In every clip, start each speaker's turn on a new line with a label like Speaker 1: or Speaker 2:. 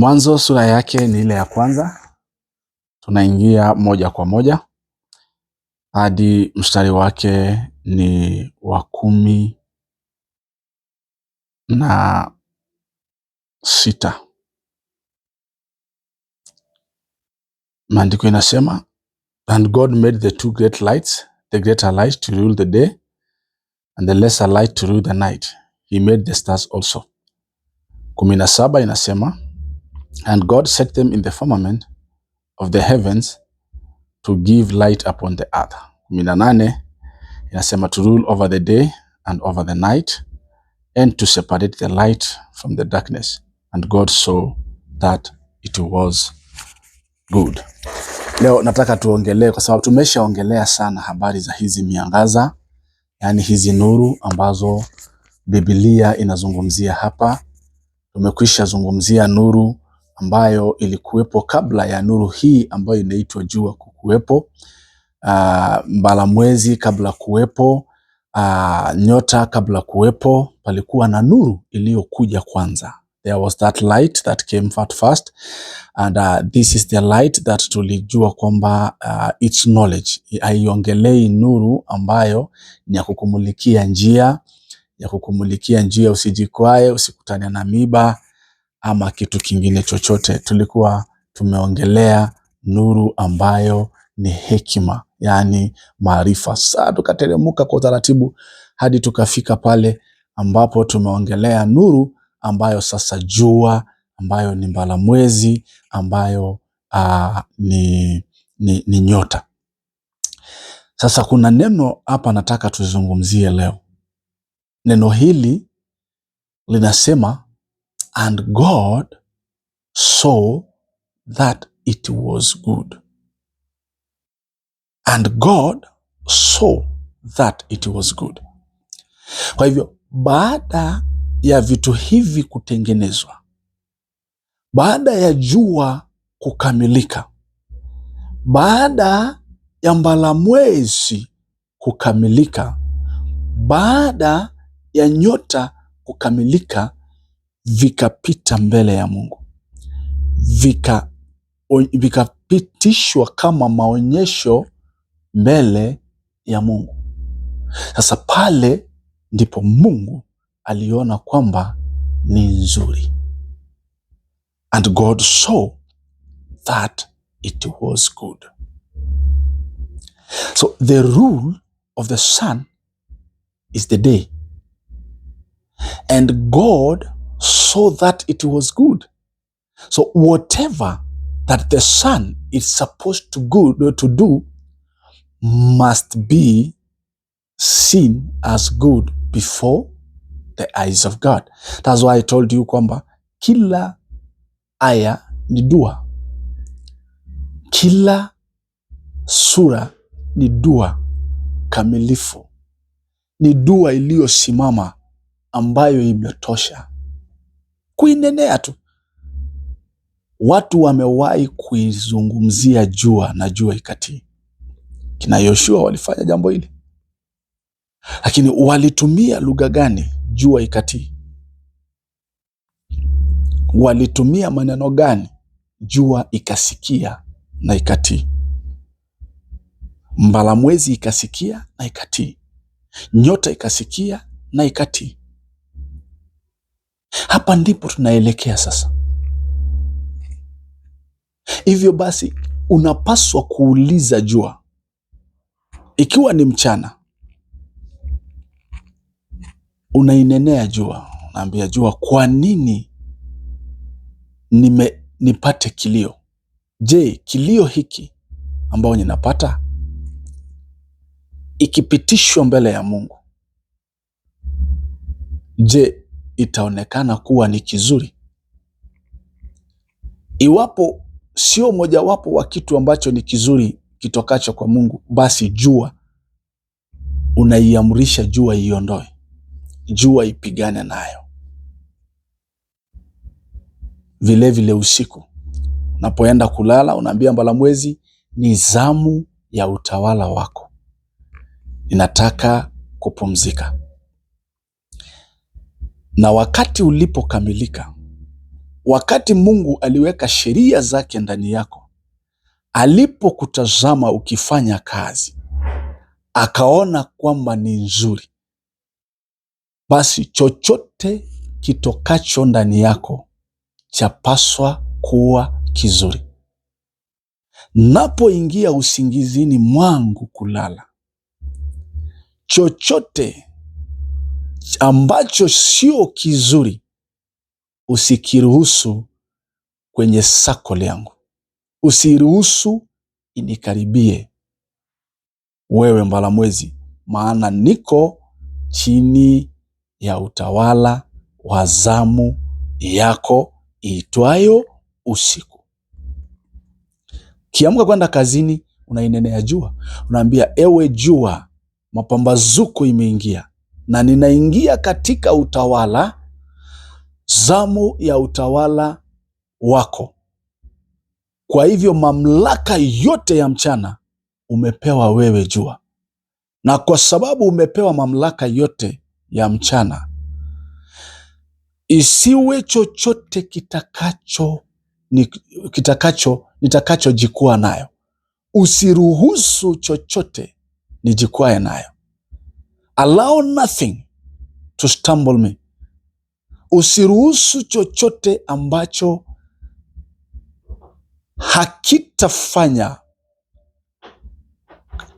Speaker 1: Mwanzo sura yake ni ile ya kwanza, tunaingia moja kwa moja hadi mstari wake ni wa kumi na sita. Maandiko inasema and God made the two great lights, the greater light to rule the day and the lesser light to rule the night. He made the stars also. kumi na saba inasema And God set them in the firmament of the heavens to give light upon the earth. kumi na nane inasema to rule over the day and over the night and to separate the light from the darkness and God saw that it was good. Leo nataka tuongelee, kwa sababu tumeshaongelea sana habari za hizi miangaza, yaani hizi nuru ambazo Biblia inazungumzia hapa. Tumekwisha zungumzia nuru ambayo ilikuwepo kabla ya nuru hii ambayo inaitwa jua kukuwepo, ah, mbala mwezi kabla kuwepo, ah, nyota kabla kuwepo, palikuwa na nuru iliyokuja kwanza. There was that light that came out first and uh, this is the light that tulijua kwamba uh, its knowledge haiongelei nuru ambayo ni ya kukumulikia njia ya kukumulikia njia, usijikwae, usikutane na miba ama kitu kingine chochote. Tulikuwa tumeongelea nuru ambayo ni hekima, yaani maarifa. Saa tukateremka kwa utaratibu hadi tukafika pale ambapo tumeongelea nuru ambayo sasa jua ambayo ni mbalamwezi ambayo aa, ni, ni, ni nyota. Sasa kuna neno hapa nataka tuzungumzie leo. Neno hili linasema And God saw that it was good. And God saw that it was good. Kwa hivyo baada ya vitu hivi kutengenezwa, baada ya jua kukamilika, baada ya mbalamwezi kukamilika, baada ya nyota kukamilika vikapita mbele ya Mungu, vika vikapitishwa kama maonyesho mbele ya Mungu. Sasa pale ndipo Mungu aliona kwamba ni nzuri, and God saw that it was good. So the rule of the sun is the day and God so that it was good. So whatever that the Son is supposed to, good, to do must be seen as good before the eyes of God. That's why I told you kwamba kila aya ni dua, kila sura ni dua kamilifu, ni dua iliyosimama ambayo imetosha kuinenea tu. Watu wamewahi kuizungumzia jua na jua ikatii. Kina Yoshua walifanya jambo hili, lakini walitumia lugha gani? Jua ikatii. Walitumia maneno gani? Jua ikasikia na ikatii. Mbalamwezi ikasikia na ikatii. Nyota ikasikia na ikatii. Hapa ndipo tunaelekea sasa. Hivyo basi, unapaswa kuuliza jua, ikiwa ni mchana, unainenea jua, unaambia jua, kwa nini nime nipate kilio? Je, kilio hiki ambayo ninapata ikipitishwa mbele ya Mungu, je, itaonekana kuwa ni kizuri, iwapo sio mojawapo wa kitu ambacho ni kizuri kitokacho kwa Mungu, basi jua unaiamrisha jua iondoe, jua ipigane nayo. Vilevile vile usiku unapoenda kulala, unaambia mbala mwezi ni zamu ya utawala wako, ninataka kupumzika. Na wakati ulipokamilika, wakati Mungu aliweka sheria zake ndani yako, alipokutazama ukifanya kazi, akaona kwamba ni nzuri, basi chochote kitokacho ndani yako chapaswa kuwa kizuri. Napoingia usingizini mwangu kulala, chochote ambacho sio kizuri usikiruhusu kwenye sako yangu, usiruhusu inikaribie wewe Mbalamwezi, maana niko chini ya utawala wa zamu yako iitwayo usiku. Kiamka kwenda kazini, unainenea jua, unaambia ewe jua, mapambazuko imeingia, na ninaingia katika utawala, zamu ya utawala wako. Kwa hivyo mamlaka yote ya mchana umepewa wewe jua, na kwa sababu umepewa mamlaka yote ya mchana, isiwe chochote kitakacho kitakacho nitakachojikua nayo, usiruhusu chochote nijikwae nayo. Allow nothing to stumble me, usiruhusu chochote ambacho hakitafanya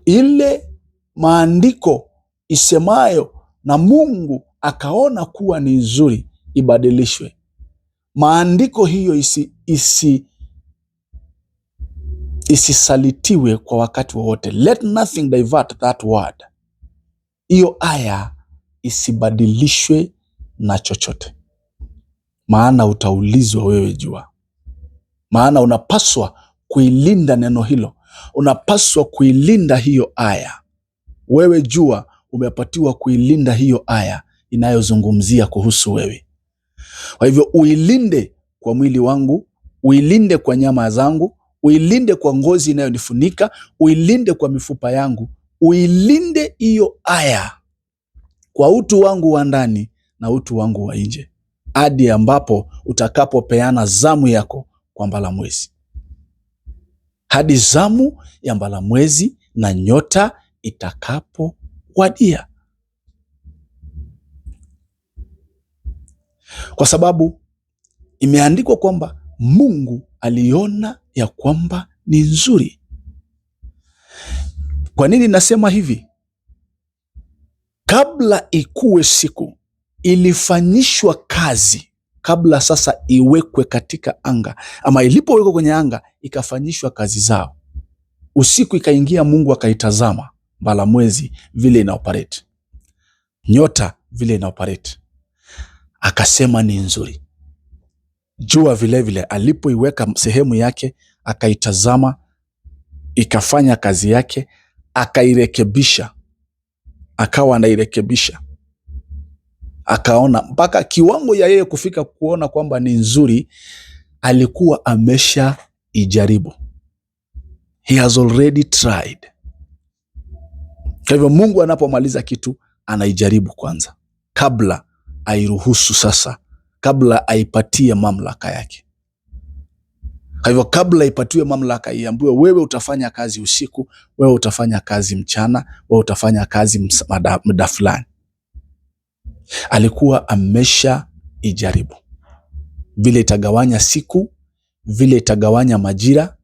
Speaker 1: ile maandiko isemayo na Mungu akaona kuwa ni nzuri ibadilishwe. Maandiko hiyo isi, isi isisalitiwe kwa wakati wowote. Let nothing divert that word hiyo aya isibadilishwe na chochote, maana utaulizwa wewe jua. Maana unapaswa kuilinda neno hilo, unapaswa kuilinda hiyo aya. Wewe jua umepatiwa kuilinda hiyo aya inayozungumzia kuhusu wewe. Kwa hivyo uilinde kwa mwili wangu, uilinde kwa nyama zangu, uilinde kwa ngozi inayonifunika, uilinde kwa mifupa yangu uilinde hiyo aya kwa utu wangu wa ndani na utu wangu wa nje, hadi ambapo utakapopeana zamu yako kwa mbalamwezi, hadi zamu ya mbalamwezi na nyota itakapowadia, kwa sababu imeandikwa kwamba Mungu aliona ya kwamba ni nzuri. Kwa nini nasema hivi? Kabla ikuwe siku ilifanyishwa kazi kabla sasa iwekwe katika anga, ama ilipowekwa kwenye anga ikafanyishwa kazi zao. Usiku ikaingia, Mungu akaitazama mbala mwezi vile ina operate, nyota vile ina operate, akasema ni nzuri. Jua vilevile alipoiweka sehemu yake, akaitazama ikafanya kazi yake, akairekebisha, akawa anairekebisha, akaona mpaka kiwango ya yeye kufika kuona kwamba ni nzuri. Alikuwa amesha ijaribu, he has already tried. Kwa hivyo Mungu anapomaliza kitu anaijaribu kwanza kabla airuhusu sasa, kabla aipatie mamlaka yake. Kwa hivyo kabla ipatiwe mamlaka, iambiwe wewe utafanya kazi usiku, wewe utafanya kazi mchana, wewe utafanya kazi muda fulani. Alikuwa amesha ijaribu vile itagawanya siku, vile itagawanya majira,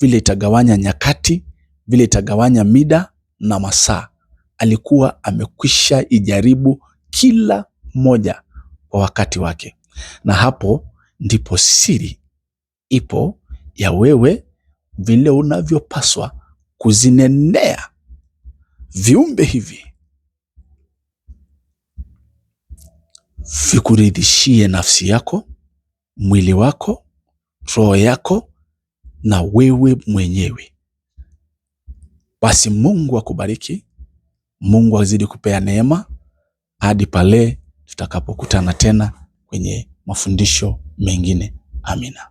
Speaker 1: vile itagawanya nyakati, vile itagawanya mida na masaa. Alikuwa amekwisha ijaribu kila moja kwa wakati wake, na hapo ndipo siri ipo ya wewe vile unavyopaswa kuzinenea viumbe hivi vikuridhishie nafsi yako, mwili wako, roho yako na wewe mwenyewe. Basi Mungu akubariki, Mungu azidi kupea neema hadi pale tutakapokutana tena kwenye mafundisho mengine. Amina.